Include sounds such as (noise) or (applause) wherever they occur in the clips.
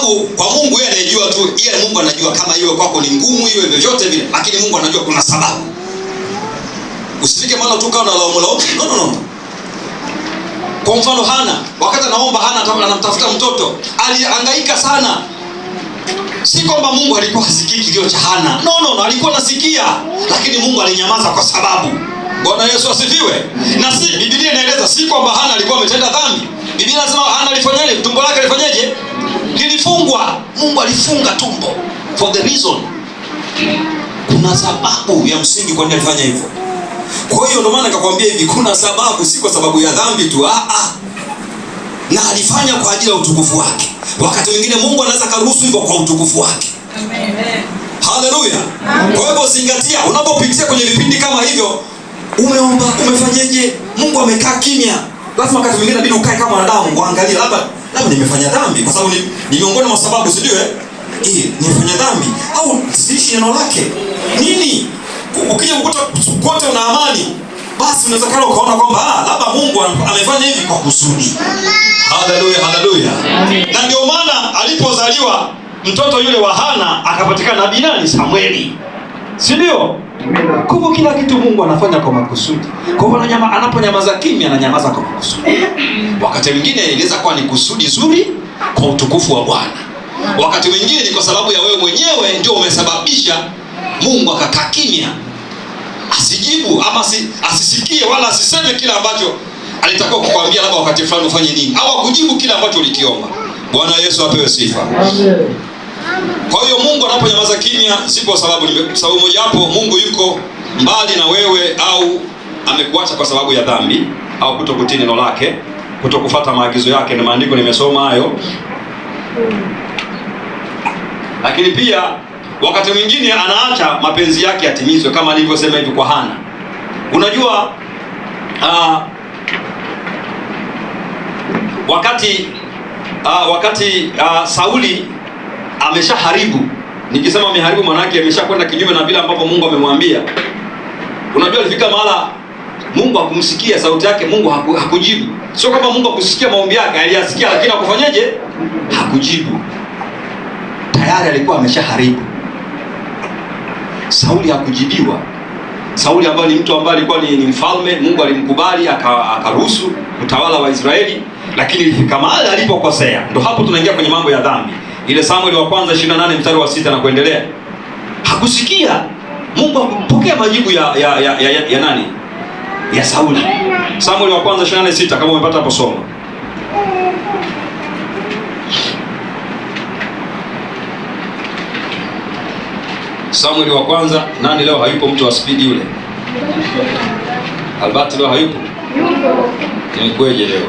sababu kwa Mungu yeye anajua tu, yeye Mungu anajua kama iwe kwako ni ngumu, iwe vyovyote vile, lakini Mungu anajua kuna sababu. Usifike mahali tu kawa na laumu laumu. No, no, no. Kwa mfano Hana, wakati anaomba Hana anamtafuta mtoto, alihangaika sana. Si kwamba Mungu alikuwa hasikii kilio cha Hana. No, no, no, alikuwa nasikia, lakini Mungu alinyamaza kwa sababu. Bwana Yesu asifiwe. Na si Biblia inaeleza si kwamba Hana alikuwa ametenda dhambi. Biblia inasema Hana alifanyaje? Tumbo lake alifanyaje? Nilifungwa, Mungu alifunga tumbo for the reason, kuna sababu ya msingi kwa nini alifanya hivyo. Kwa hiyo ndio maana nikakwambia hivi, kuna sababu, si kwa sababu ya dhambi tu a ah, a, ah. Na alifanya kwa ajili ya utukufu wake. Wakati mwingine Mungu anaweza karuhusu hivyo kwa utukufu wake. Amen. Haleluya. Kwa hiyo zingatia, unapopitia kwenye vipindi kama hivyo, umeomba, umefanyaje? Mungu amekaa kimya. Lazima wakati mwingine inabidi ukae kama wanadamu, uangalie labda labda nimefanya dhambi, kwa sababu ni miongoni mwa sababu, sijui eh? eh, nimefanya dhambi au siishi neno lake nini. Ukija kukuta kote una amani, basi unaweza kana ukaona kwamba ah, labda Mungu amefanya hivi kwa kusudi. Haleluya, haleluya. Na ndio maana alipozaliwa mtoto yule wa Hana akapatikana nabii nani? Samueli, si ndio? Kwa kila kitu Mungu anafanya kwa makusudi. Kwa hivyo ananyama, anaponyamaza kimya ananyamaza kwa makusudi. Wakati mwingine inaweza kuwa ni kusudi zuri kwa utukufu wa Bwana. Wakati mwingine ni kwa sababu ya wewe mwenyewe ndio umesababisha Mungu akakaa kimya. Asijibu ama si, asisikie wala asiseme kila ambacho alitakiwa kukwambia labda wakati fulani ufanye nini au akujibu kila ambacho ulikiomba. Bwana Yesu apewe sifa. Amen. Kwa hiyo Mungu anaponyamaza kimya, si kwa sababu sababu moja hapo, Mungu yuko mbali na wewe, au amekuacha kwa sababu ya dhambi au kutokutii neno lake, kutokufuata maagizo yake na maandiko, nimesoma hayo. Lakini pia wakati mwingine anaacha mapenzi yake yatimizwe, kama alivyosema hivi kwa Hana. Unajua uh, wakati uh, wakati uh, Sauli ameshaharibu. Nikisema ameharibu, maana yake ameshakwenda kinyume na vile ambapo Mungu amemwambia. Unajua, alifika mahala Mungu hakumsikia sauti yake, Mungu haku, hakujibu. Sio kama Mungu hakusikia maombi yake, aliyasikia, lakini hakufanyaje? Hakujibu. Tayari alikuwa ameshaharibu. Sauli hakujibiwa. Sauli ambaye ni mtu ambaye alikuwa ni, ni mfalme, Mungu alimkubali akaruhusu utawala wa Israeli, lakini ilifika mahali alipokosea, ndio hapo tunaingia kwenye mambo ya dhambi ile Samueli wa kwanza 28 mstari wa sita na kuendelea, hakusikia Mungu hakupokea majibu ya ya, ya, ya, ya ya nani ya Sauli. Samueli wa kwanza 28:6 kama umepata hapo soma. Samueli wa kwanza nani? Leo hayupo mtu wa speed yule Albert, leo hayupo Yupo. ni kweje leo?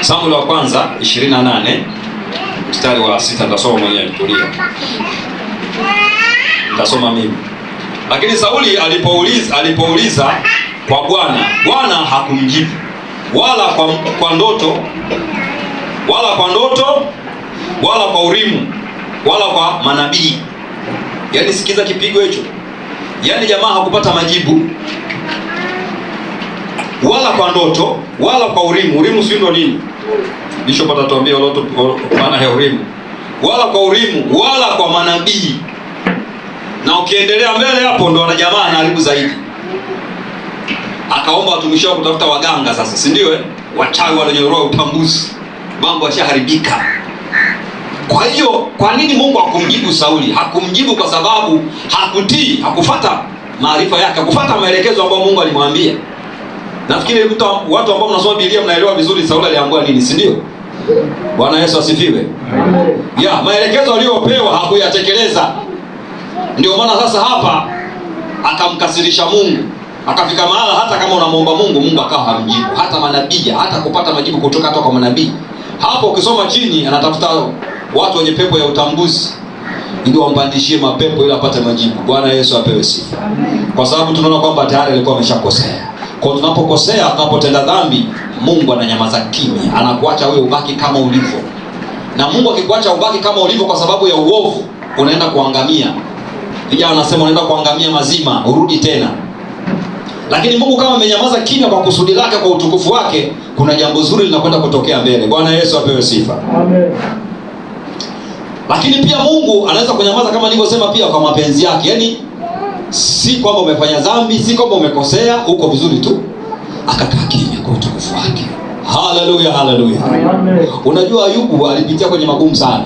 Samueli wa kwanza 28 mstari wa sita nitasoma mwenyewe, tulia. Nitasoma mimi. Lakini Sauli alipouliza alipouliza kwa Bwana, Bwana hakumjibu wala kwa, kwa ndoto wala kwa ndoto wala kwa urimu wala kwa manabii. Yaani sikiza kipigo hicho. Yaani jamaa hakupata majibu wala kwa ndoto wala kwa urimu. Urimu si ndo nini? Ndicho patatuambia lote maana ya Urimu, wala kwa Urimu wala kwa manabii. Na ukiendelea mbele hapo, ndo jamaa anaharibu zaidi. Akaomba watumishi wao kutafuta waganga sasa, si ndio? Eh, wachawi wananyoroa utambuzi, mambo yashaharibika. Kwa hiyo kwa nini Mungu hakumjibu Sauli? Hakumjibu kwa sababu hakutii, hakufata maarifa yake, hakufata maelekezo ambayo Mungu alimwambia. Nafikiri kuta watu ambao mnasoma Biblia mnaelewa vizuri Sauli aliambiwa nini, si ndio? Bwana Yesu asifiwe. Ya, maelekezo aliyopewa hakuyatekeleza. Ndio maana sasa hapa akamkasirisha Mungu. Akafika mahala hata kama unamwomba Mungu, Mungu akawa hamjibu. Hata manabii, hata kupata majibu kutoka hata kwa manabii. Hapo ukisoma chini anatafuta watu wenye pepo ya utambuzi ili wampandishie mapepo ili apate majibu. Bwana Yesu apewe sifa. Kwa sababu tunaona kwamba tayari alikuwa ameshakosea. Kwa tunapokosea, tunapotenda dhambi, Mungu ananyamaza kimya, anakuacha wewe ubaki kama ulivyo. Na Mungu akikuacha ubaki kama ulivyo kwa sababu ya uovu, unaenda kuangamia. Vijana wanasema unaenda kuangamia mazima, urudi tena. Lakini Mungu kama amenyamaza kimya kwa kusudi lake, kwa utukufu wake, kuna jambo zuri linakwenda kutokea mbele. Bwana Yesu apewe sifa. Amen. Lakini pia Mungu anaweza kunyamaza kama nilivyosema, pia kwa mapenzi yake, yaani si kwamba umefanya dhambi, si kwamba umekosea, uko vizuri tu. Akakaa kimya kwa utukufu wake. Haleluya, haleluya. Unajua Ayubu alipitia kwenye magumu sana.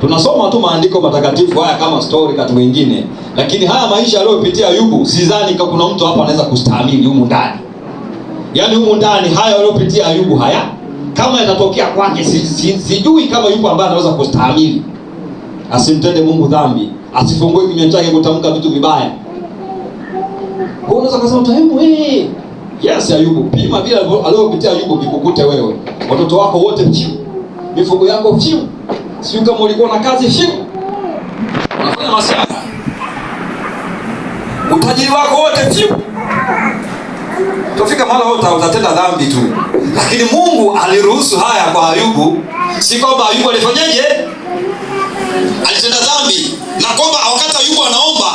Tunasoma tu maandiko matakatifu haya kama story kati wengine, lakini haya maisha aliyopitia Ayubu, sidhani kama kuna mtu hapa anaweza kustahimili humu ndani. Yaani humu ndani haya aliyopitia Ayubu haya kama yatatokea kwake, sijui kama yupo ambaye anaweza kustahimili. Asimtende Mungu dhambi, asifungue kinywa chake kutamka vitu vibaya unaweza kusema utahemu wewe. Yes, Ayubu, pima vile alivyopitia Ayubu vikukute wewe. Watoto wako wote chiu. Mifugo yako chiu. Sio kama ulikuwa na kazi chiu. Unafanya masiara. Utajiri wako wote chiu. Tofika mahali wewe utatenda dhambi tu. Lakini Mungu aliruhusu haya kwa Ayubu. Si kwamba Ayubu alifanyaje? Alitenda dhambi. Na kwamba wakati Ayubu anaomba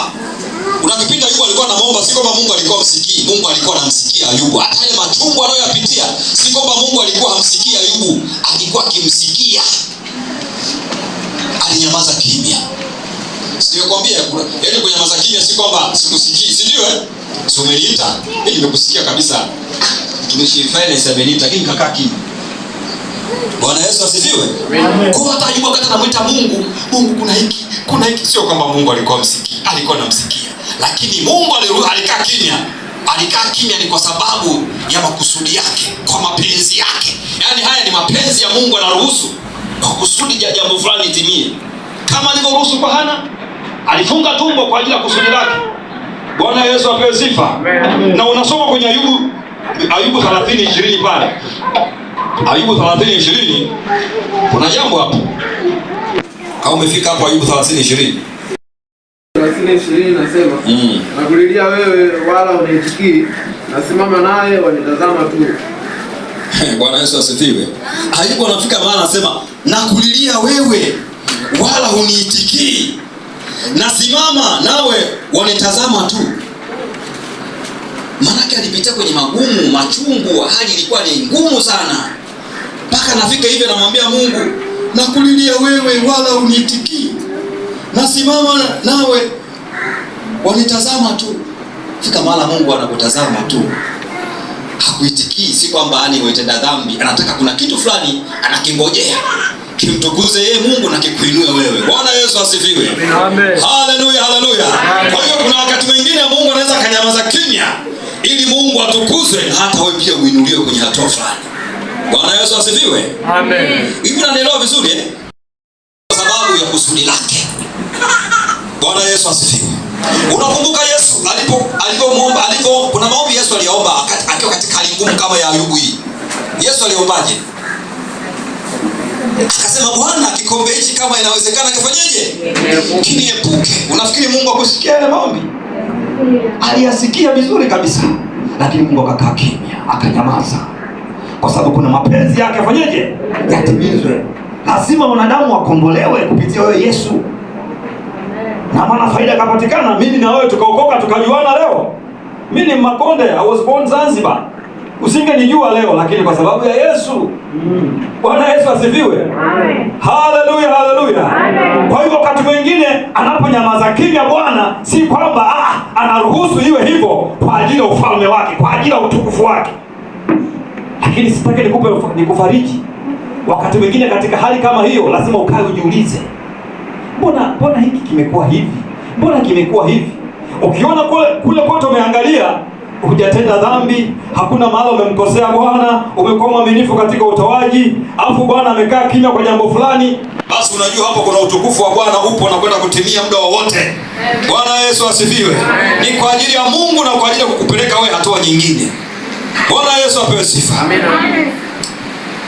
kuna kipindi Ayubu alikuwa anaomba, si kwamba Mungu alikuwa msikii. Mungu alikuwa anamsikia Ayubu, hata yale machungu anayoyapitia, si kwamba Mungu alikuwa hamsikii Ayubu, alikuwa akimsikia. Alinyamaza kimya. Sikwambia, yaani kunyamaza kimya si kwamba sikusikii, si ndio? Eh, si umeniita mimi, yaani nimekusikia kabisa, lakini kakaa kimya. Bwana Yesu asifiwe. Kwa hata Ayubu akata anamwita Mungu, Mungu kuna hiki, kuna hiki. Sio kwamba Mungu alikuwa msikii, alikuwa anamsikia lakini Mungu alikaa kimya. Alikaa kimya ni kwa sababu ya makusudi yake, kwa mapenzi yake. Yaani haya ni mapenzi ya Mungu, anaruhusu kwa kusudi ya jambo fulani itimie kama alivyoruhusu kwa Hana. Alifunga tumbo kwa ajili ya kusudi lake. Bwana Yesu apewe sifa. Na unasoma kwenye Ayubu Ayubu 30:20 pale. Ayubu 30:20 kuna jambo hapo. Kama umefika hapo Ayubu 30:20 thelathini ishirini nasema mm. nakulilia wewe wala uniitikii, nasimama naye wanitazama tu. (laughs) Bwana Yesu asifiwe. Hayuko anafika maana anasema nakulilia wewe wala uniitikii, nasimama nawe wanitazama tu. Maanake alipitia kwenye magumu, machungu, hali ilikuwa ni ngumu sana, mpaka nafika hivyo, anamwambia Mungu, nakulilia wewe wala uniitikii nasimama nawe, wanitazama tu. Fika mahala Mungu anakutazama tu, hakuitikii. Si kwamba ani wetenda dhambi, anataka kuna kitu fulani anakingojea kimtukuze yeye Mungu na kikuinue wewe. Bwana Yesu asifiwe, amen. Haleluya, haleluya. Kwa hiyo kuna wakati mwingine Mungu anaweza kanyamaza kimya ili Mungu atukuzwe na hata wewe pia uinuliwe kwenye hatua fulani. Bwana Yesu asifiwe, amen. Hivi nanielewa vizuri eh? Kwa sababu ya kusudi lake Bwana Yesu asifiwe. Unakumbuka Yesu alipo alipomwomba alipo, kuna maombi Yesu aliomba akiwa katika hali ngumu kama ya Ayubu hii. Yesu aliombaje? Akasema, Bwana, kikombe hichi kama inawezekana kifanyeje? Kiniepuke. Unafikiri Mungu akusikia yale maombi? Aliyasikia vizuri kabisa, lakini Mungu akakaa kimya, akanyamaza, kwa sababu kuna mapenzi yake afanyeje? Yatimizwe. Lazima wanadamu wakombolewe kupitia wewe Yesu na maana faida ikapatikana, mimi na wewe tukaokoka tukajuana leo. Mimi ni Makonde, I was born Zanzibar. Usingenijua leo lakini kwa sababu ya Yesu. Mm. Bwana Yesu asifiwe. Amen. Hallelujah, hallelujah. Amen. Kwa hiyo wakati mwingine anaponyamaza kimya Bwana si kwamba ah, anaruhusu iwe hivyo kwa ajili ya ufalme wake, kwa ajili ya utukufu wake. Lakini sitaki nikupe nikufariji. Wakati mwingine katika hali kama hiyo lazima ukae ujiulize mbona mbona hiki kimekuwa hivi, mbona kimekuwa hivi? Ukiona kule kule kote umeangalia, hujatenda dhambi, hakuna mahali umemkosea Bwana, umekuwa mwaminifu katika utoaji, afu Bwana amekaa kimya kwa jambo fulani, basi unajua hapo kuna utukufu wa Bwana upo na kwenda kutimia muda wowote. Bwana Yesu asifiwe. Ni kwa ajili ya Mungu na kwa ajili ya kukupeleka wewe hatua nyingine. Bwana Yesu apewe sifa. Amen.